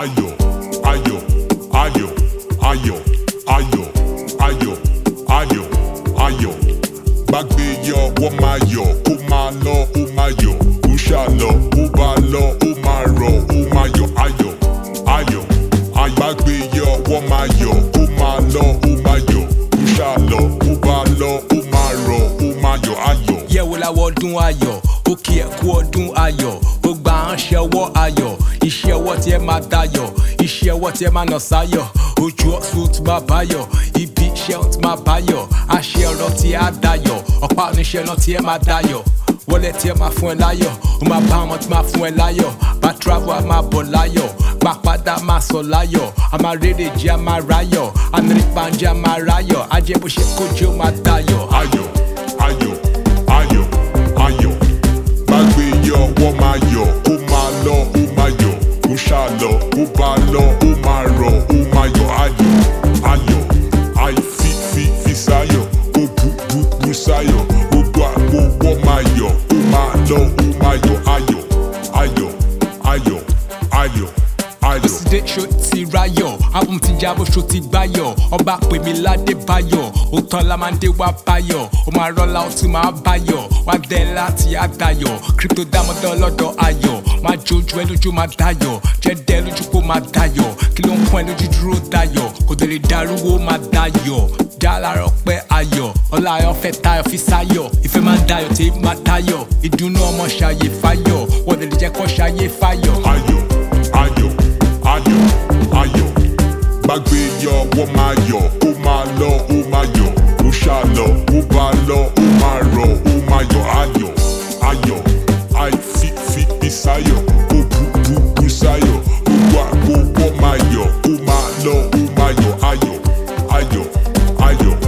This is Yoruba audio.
ayọ̀ ayọ̀ ayọ̀ ayọ̀ ayọ̀ ayọ̀ ayọ̀ ayọ̀ gbàgbé yọ wọ́n máa yọ̀ kó máa lọ ó máa yọ̀ ó ṣàlọ ó bá lọ ó máa rọ̀ ó máa yọ̀ ayọ̀ ayọ̀ àgbàgbé yọ wọ́n máa yọ̀ kó iṣẹ́ ọwọ́ tí ẹ máa dayọ̀ iṣẹ́ ọwọ́ tí ẹ máa nà sáyọ̀ ojú ọ̀sùn tí máa báyọ̀ ibi iṣẹ́ tí máa báyọ̀ àṣẹ ọ̀rọ̀ tí á dayọ̀ ọ̀pá oníṣẹ́ náà tí ẹ máa dayọ̀ wọlé tí ẹ máa fún ẹ láyọ̀ ó máa bá ọmọ tí máa fún ẹ láyọ̀ bá travel a máa bọ̀ láyọ̀ gbà padà máa sọ láyọ̀ a máa rere jẹ́ a máa ráyọ̀ amírípa jẹ́ a máa ráyọ̀ ajẹ́ bó ṣe kó jẹ́ ó máa dayọ̀ ayọ̀. sáyọ̀ gbogbo àgbo wọ́n máa yọ̀ ó máa lọ ó máa yọ̀ ayọ̀ ayọ̀ ayọ̀ ayọ̀ ayọ̀. ṣó ti ráyọ̀ album ti jábọ̀ ṣó ti gbáyọ̀ ọba pè mí ládé báyọ̀ ó tán lámàndé wá báyọ̀ ó máa rọ́lá ó tún máa báyọ̀ wá dẹ́ láti àdáyọ̀ crypto dámọ́dá ọlọ́dọ̀ ayọ̀ máa jójú ẹ lójú máa dáyọ̀ jẹ́ dẹ́ lójú kó máa dáyọ̀ kí ló ń pọ́n ẹ lójú dúró dáyọ̀ kò dé lè darúgbó máa dáyọ̀ ọlá ayọ̀ fẹ́ tayọ̀ fi sáyọ̀ ìfẹ́ máa ń dayọ̀ tí máa tayọ̀ ìdùnnú ọmọ ṣàyè fáyọ̀ wọ́n lè jẹ́ kó ṣàyè fáyọ̀. ayọ̀ ayọ̀ ayọ̀ ayọ̀ gbàgbé yọ wọ́n máa yọ̀ ó máa lọ ó máa yọ̀ ó ṣáà ó bá lọ ó máa rọ̀ ó máa yọ̀ ayọ̀ ayọ̀ àìfi fi fi sáyọ̀ ó bu bu bu sáyọ̀ ó wà ó máa yọ̀ ó máa lọ ó máa yọ̀ ayọ̀ ayọ̀ ayọ̀.